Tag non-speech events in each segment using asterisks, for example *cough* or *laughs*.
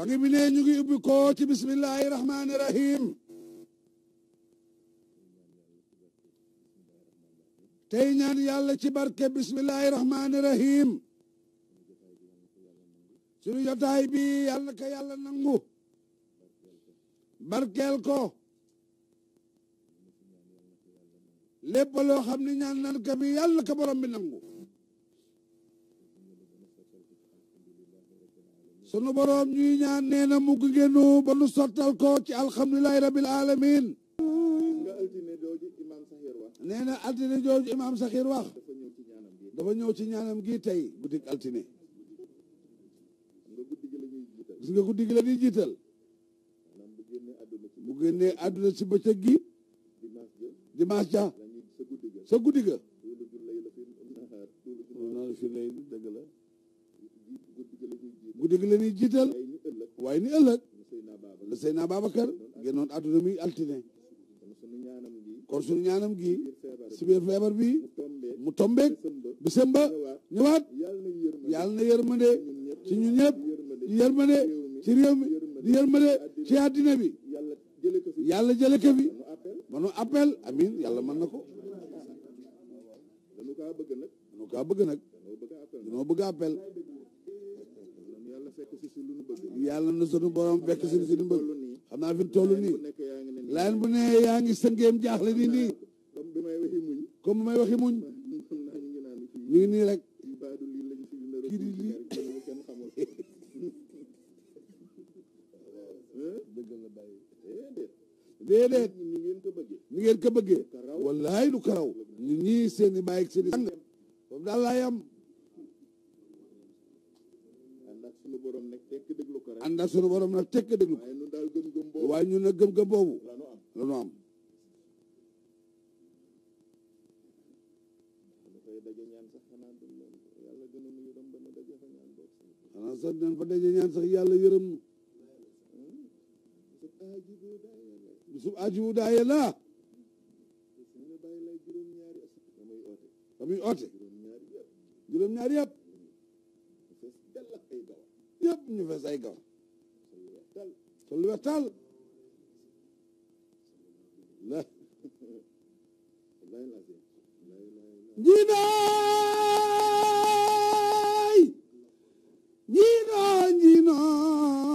sagi bi ne ñu ngi ubbi ko ci bismillahi rahmaani rahim tey ñaan yàlla ci barke bismillahi rahmaani rahim suñu jotaay bi yàlla ka yàlla nangu barkeel ko lépp loo xam ne ñaan nan ka bi yàlla ka borom bi nangu sunu boroom ñuy ñaan nee na mu gënu ba nu sottal ko ci alhamdulilahi rabbil alamin nee na altine jooju imaam saxir wax dafa ñëw ci ñaanam gi tey guddik altine gis nga guddi gi la ñuy jiital bu génnee àdduna ci bëccëg gi dimanche ja sa guddi ga guddi gi la ñuy jiital waaye ni ëllëg la Seydina Babacar génnoon àdduna muy altine kon suñu ñaanam gi si biir feebar bi mu tombeek bisamba ñëwaat yàlla na yërmande ci ñun ñëpp di yërmande ci réew mi di yërmande ci àddina bi yàlla jële ko fi manu appel amin yàlla mën na ko dañu kaa bëgg nag dañoo bëgg appel yàlla na sunu borom fekk si sunu bëgg xam naa fi mu toll nii laan bu ne yaa ngi sëngeem jaaxle nii nii comme bu may waxi muñ *laughs* ñu ngi nii rek kii di lii *laughs* déedéet ni ngeen ko bëggee wallaay du karaw ñu ñii seen i bàyyi seen i sang moom daal laay am borom nag tekk déglu ko rek. ànd ak sunu borom nag tekk déglu ko. waaye ñun gëm-gëm boobu. waaye am. xanaa sax dinañ fa daje sax yàlla yërëm nu. bisub ajibu daaye laa. damuy oote. juróom universe ay gaw sol lu weex tàll ñii nooy ñii nooy ñii nooy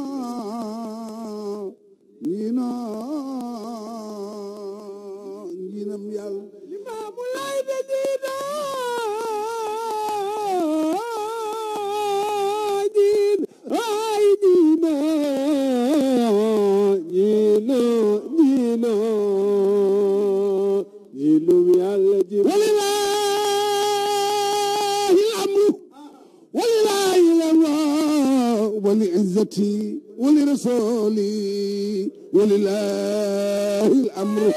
لأمتي ولرسولي ولله الأمر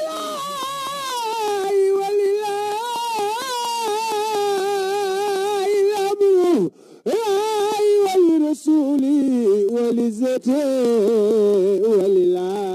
ولرسولي ولزتي ولله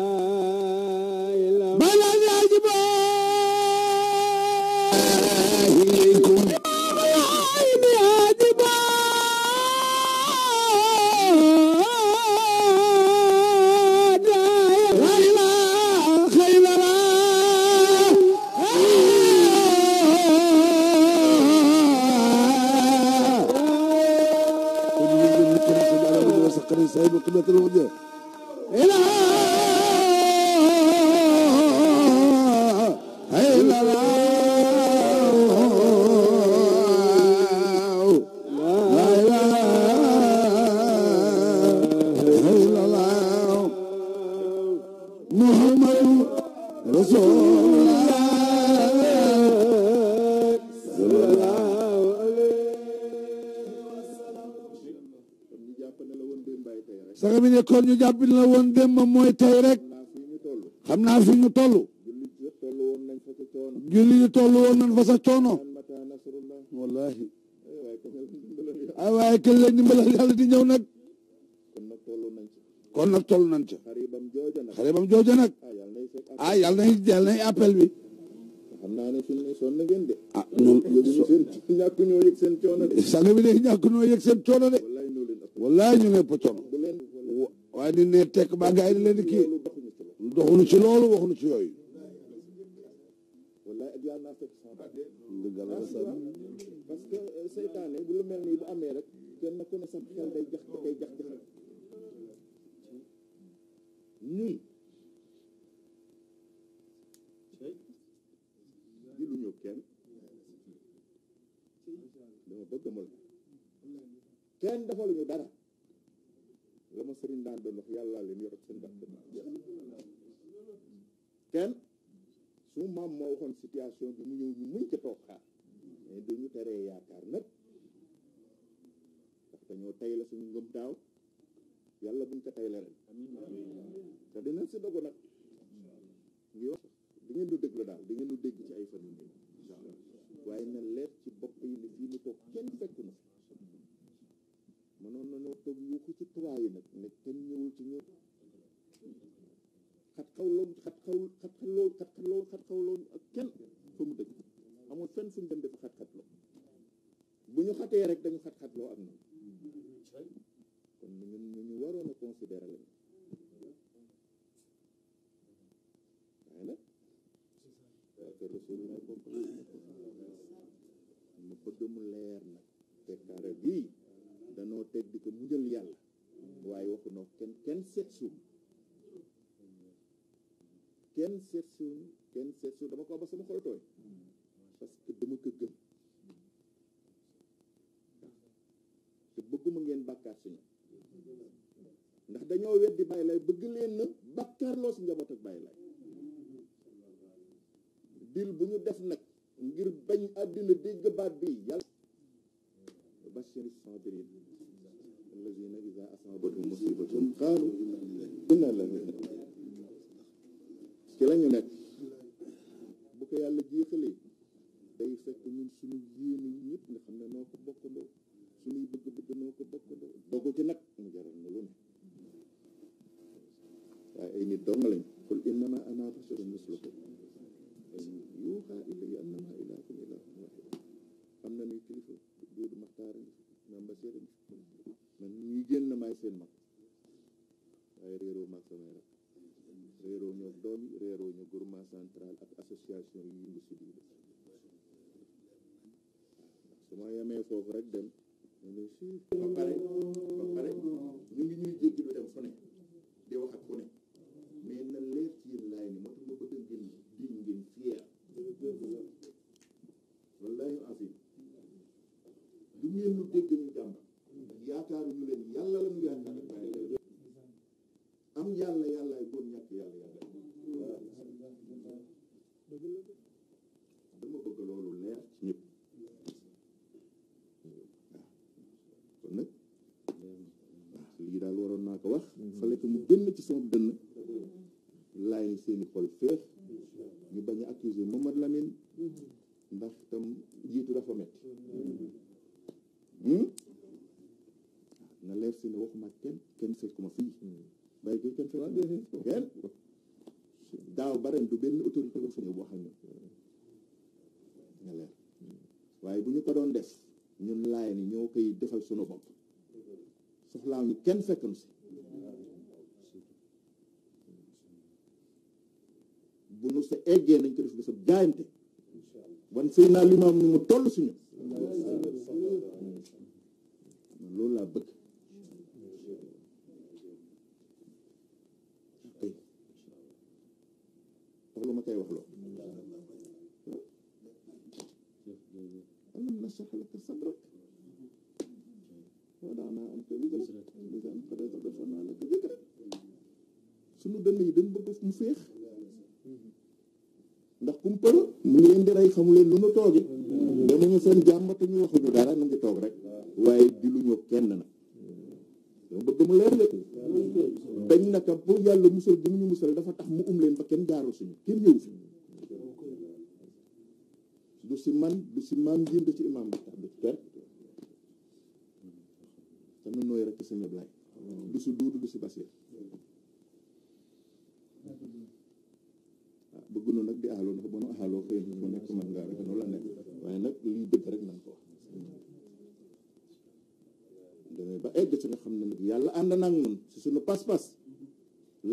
kon ñu jàppil na woon démb mooy tey rek xam naa fi ñu toll julli ñu toll woon nañ fa sa coono wallahi ay waaye kañ la ndimbalal yàlla di ñëw nag kon nag toll nañ ca xaribam jooja nag ah yàlla nay yàlla nay appel bi xam naa ne fi mu ne sonn ngeen de. ah ñun ñàkk ñoo yëg seen coono de. sang bi de ñàkk ñoo yëg seen coono de. wallaay ñu ngi ëpp coono. waaye ni ne tekk ba gaa yi leen di kii doxuñu ci loolu waxuñu ci yooyu parce que euh, seytaane bu lu mel nii bu amee rek kenn ku ne sa xel day jax day jax jax ñun di lu ñu kenn dama bëgg ma la kenn dafa lu ñu dara la ma sëriñ daan doon wax yàlla leen yorob seen bàq kenn su maam moo waxoon situation bi mu ñëw ñu muñ ca toog xaar mais dañu teree yaakaar nag ndax dañoo tay la suñu ngëm daaw yàlla buñ ko tay la ren te dinañ si dogu nag ngi wax di ngeen du dégg la daal di ngeen du dégg ci ay fan yu néew waaye na leer ci bopp yi ni fii ni ko kenn fekku na fi mënoon nañoo toog yuuxu ci tubaab yi nag ne kenn ñëwul ci ñoom xat xaw loon xat xaw xat xaw loon xat xaw ak kenn fa mu dëkk amul fenn fu ñu dem dafa xat xat loo bu ñu xatee rek dañu xat xat loo ak noonu kon ñu ñu ñu waroon a considérer lañu waaye nag waa kër Rasuul bëgg mu leer nag te carré bii danoo teg diko mudjal yalla waye waaye waxunoo ken kenn seet suum kenn seet suum dama ko ba sama xol tooy parce que dama ko gëm te bëgguma ngeen bàkkaar suñu ndax dañoo weddi bay lay bëgg leen bakkar nah, bàkkaar loo si ak bay lay dil buñu def nak ngir bañ adina dégg baat bi yalla وبشر الصابرين الذين إذا أصابتهم مصيبة قالوا إنا لله ci lañu nekk bu ko yàlla jéexalee day fekk ñun suñu yéene ñëpp nga xam ne noo ko bokkandoo suñuy bëgg-bëgg noo ko bokkandoo dogu ci nag mu jaral na lu ne waaye ay nit dong lañ qul innama ana basharun mislukum yuuxaa ilayya annamaa ilaahukum ilaahun waahid am nañu kilifa Doudou Makhtar a ngi fi maam Basiir a ngi fi man ñuy génn maay seen mag waaye réeroo maag samay rak réeroo ñoo doom yi réeroo ñu groupement central ak association yi yëngu si biir ndax su ma yemee foofu rek dem ñu ba pare ba pare ñu ngi ñuy jéggi lu dem fu ne di wax ak ku ne mais na leer ci yéen laay ni moo tax bëgg a génn diñ ngeen fier ngeen lu dégg ñu jàmm yaakaar ñu leen yàlla la ñu yaakaar am yàlla yàllaay bon ñàkk yàlla yàllaay dama bëgg loolu leer ci ñëpp kon nag lii daal waroon naa ko wax fale ko mu génn ci sama dënn laay seeni xol féex ñu bañ a accuser Mamadou waaw ba ren du benn autorité bu fi ñëw boo xam ne nga waaye bu ñu ko doon def ñun laay ni ñoo koy defal sunu bopp soxlaa ñu kenn fekkam si bu nu sa eggee nañ ko def bi sa jaayante wan sëy naa limaam ni mu toll suñu loolu laa bëgg koy wax loo alam nashrah laka dënn yi dañ bëgg mu féex ndax kumpa mu ngi leen di rey xamu leen lu nu tooge dama nga seen jàmbatu ñu waxuñu a nu ngi toog rek waaye di lu ñu kenn na dama bëgg mu leer lépp dañ naka pour yàlla musal bu ñu musal dafa tax mu um leen ba kenn jaaru suñu kenn ñëw fi du si man du si maam njënd ci imam bi tax du per te nu nooy rek sa ñëb du si duudu du si basir ah, bëgg na nag di aaloo ndax boo nu aaloo xëy na ko nekk man ngaa rek noonu la nekk waaye nag lii dëgg rek nañ ko wax demee ba egg si nga xam ne nag yàlla ànd na ak si suñu pas-pas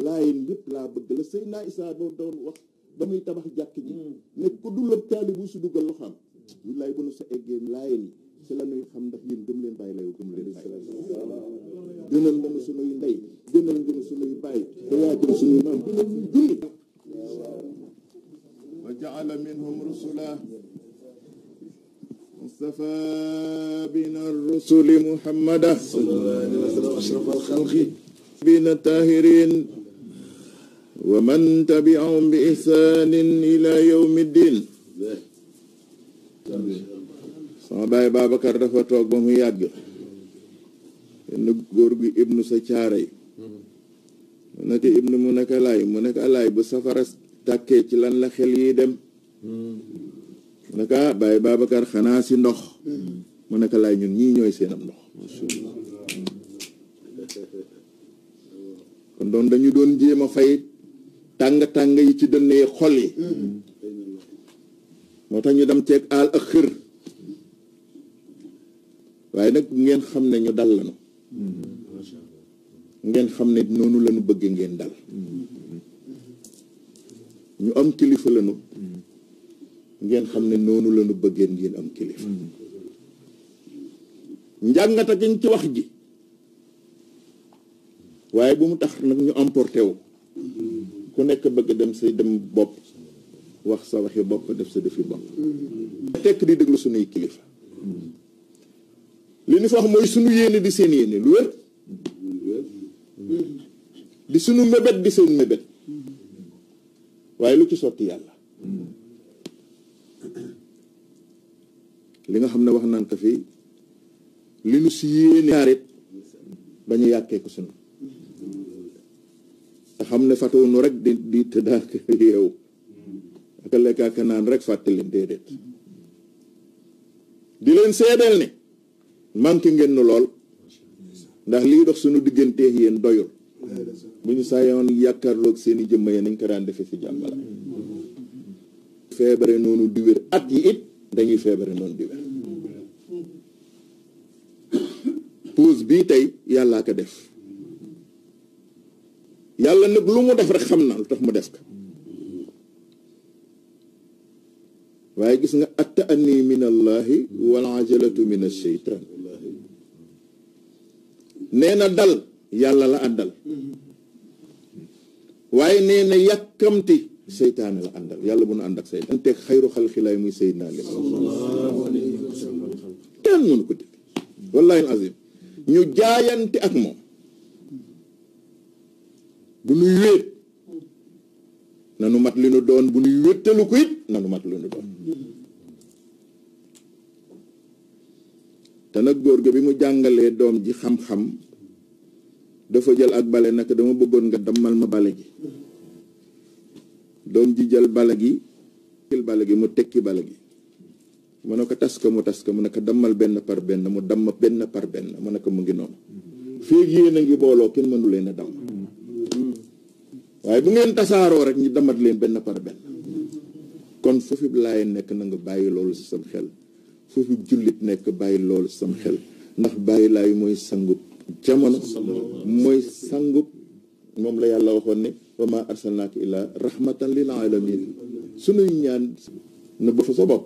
laayin bépp laa bëgg la sëy naa isaa doon doon wax ba muy tabax jàkk ji mm. nekk ko dul ak taali bu si duggal loo xam ñu laay bu nu sa eggee laayin si la nuy xam ndax yéen gëm leen bàyyi la yow gëm leen bàyyi gënal nga nu sunuy ndey gënal nga nu sunuy bàyyi te yaa gën sunuy maam gënal ñuy julli wa minhum rusula اصطفى بنا الرسل محمدا صلى الله عليه وسلم أشرف الخلق بنا الطاهرين ومن تبعهم بإحسان إلى يوم الدين sama baay ibnu sa caaray ibnu mu nekk alaay mu nekk alaay bu dem mu ne ko ah, bàyyi ndox mu ne ko laay ñun ñii ñooy seenam ndox doon jéem a fay tàng-tàng yi ci dënnee xol moo tax ñu dem ceeg aal ak xër waaye nag ngeen xam ne ñu dal lañu ngeen xam ne noonu lañu bëgg ngeen dal ñu am kilifa lañu ngeen xam ne noonu la ñu bëggeen yéen am kilifa njàngata gañ ci wax ji waaye bu mu tax nag ñu emporté wu ku nekk bëgg dem say dem bopp wax sa waxi bopp def sa defi bopp tekk di déglu suñuy kilifa li ñu fa wax mooy suñu yéene di seen yéene lu wér di suñu mébét di seen mébét waaye lu ci sotti yàlla li nga xamne wax nan ko fi li nu ci yene yarit bañu yaké ko sunu te xam nu rek di di tëddaak yow ak lekk ka naan rek fàttali dedet di sédel ni man ki ngeen nu lol ndax li dox sunu digganteex yeen doyul buñu sayon saa lok seeni jëmm yee ya nañ ko daan defee fi jàmbala feebare nonu di at yi it dañuy feebare non di pause bii tey yàllaa ko def yàlla nag lu mu def rek xam na lu tax mu def ko waaye gis nga atta anni min allahi wal ajalatu min asheytan nee na dal yàlla la àndal waaye nee na yàkkamti seytaane la àndal yàlla bu nu ànd ak seytaan teg xayru xalxilaay muy seydina li kenn mënu ko def wallahi azim ñu jaayante ak moom bu nuy wéet nanu mat li nu doon bu nuy wéttalu ko it nanu mat li nu doon te nag góor gi bi mu jàngalee doom ji xam-xam dafa jël ak bale naka dama bëggoon nga dammal ma bale gi doom ji jël bale gi jël bale gi mu tekki bale gi mana ko tas ko mu tas ko mu ne ko dammal benn par ben mu dam ben par ben ma ko mu ngi non fii yeena ngi bolo ken manu len dam waye bu ngeen tasaaroo rek ñi damat len ben par ben kon fofu laay nek na nga bayyi loolu ci sam xel fofu julit nek bayyi loolu sam xel ndax bayyi lay moy sangub jamono moy sangub mom la yalla waxon ni wa ma illa rahmatan lil alamin sunu ñaan na ba fa sa bopp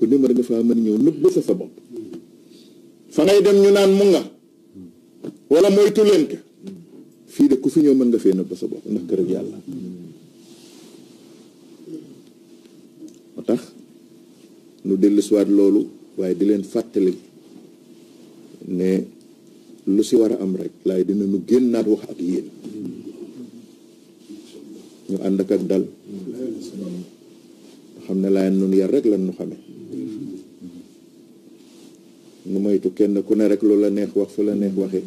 ku ne ma da nga faa mën ñëw nëbb sa sa bop fa ngay dem ñu naan mu nga wala moytu len ke fi de ku fi ñew man nga fe nëbb sa bop ndax kërëk yalla motax nu delu nu lolu waye di len fatali ne lu ci wara am rek lay dina nu gennat wax ak yeen ñu andak ak dal xam ne laay nun yar rek lan nu xamee nu moytu kenn ku ne rek lu la neex wax fu la neex waxee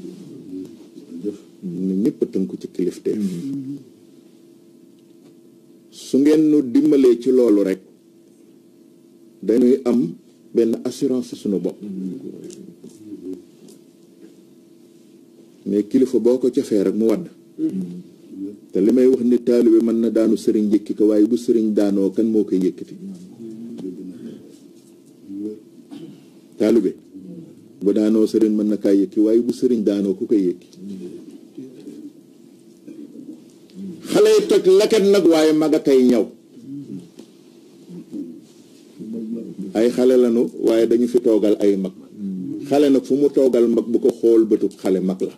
nu ñëpp tënku ci kilifteef mm-hmm. su ngeen nu dimbalee ci loolu rek dañuy am benn assurance suñu bopp mm-hmm. mais kilifa boo ko cofee rek mu wadd mm-hmm. te li may wax ne taalibe mën na daanu sëriñ yëkki ko waaye bu sëriñ daanoo kan moo koy yëkkati taalibe bu daanoo sëriñ mën na kaa yëkki waaye bu sëriñ daanoo ku koy yëkki xale yi toj laket nag waaye mag a kay ñaw ay xale lañu waaye dañu fi toogal ay mag xale nag fu mu toogal mag bu ko xool bëtub xale mag la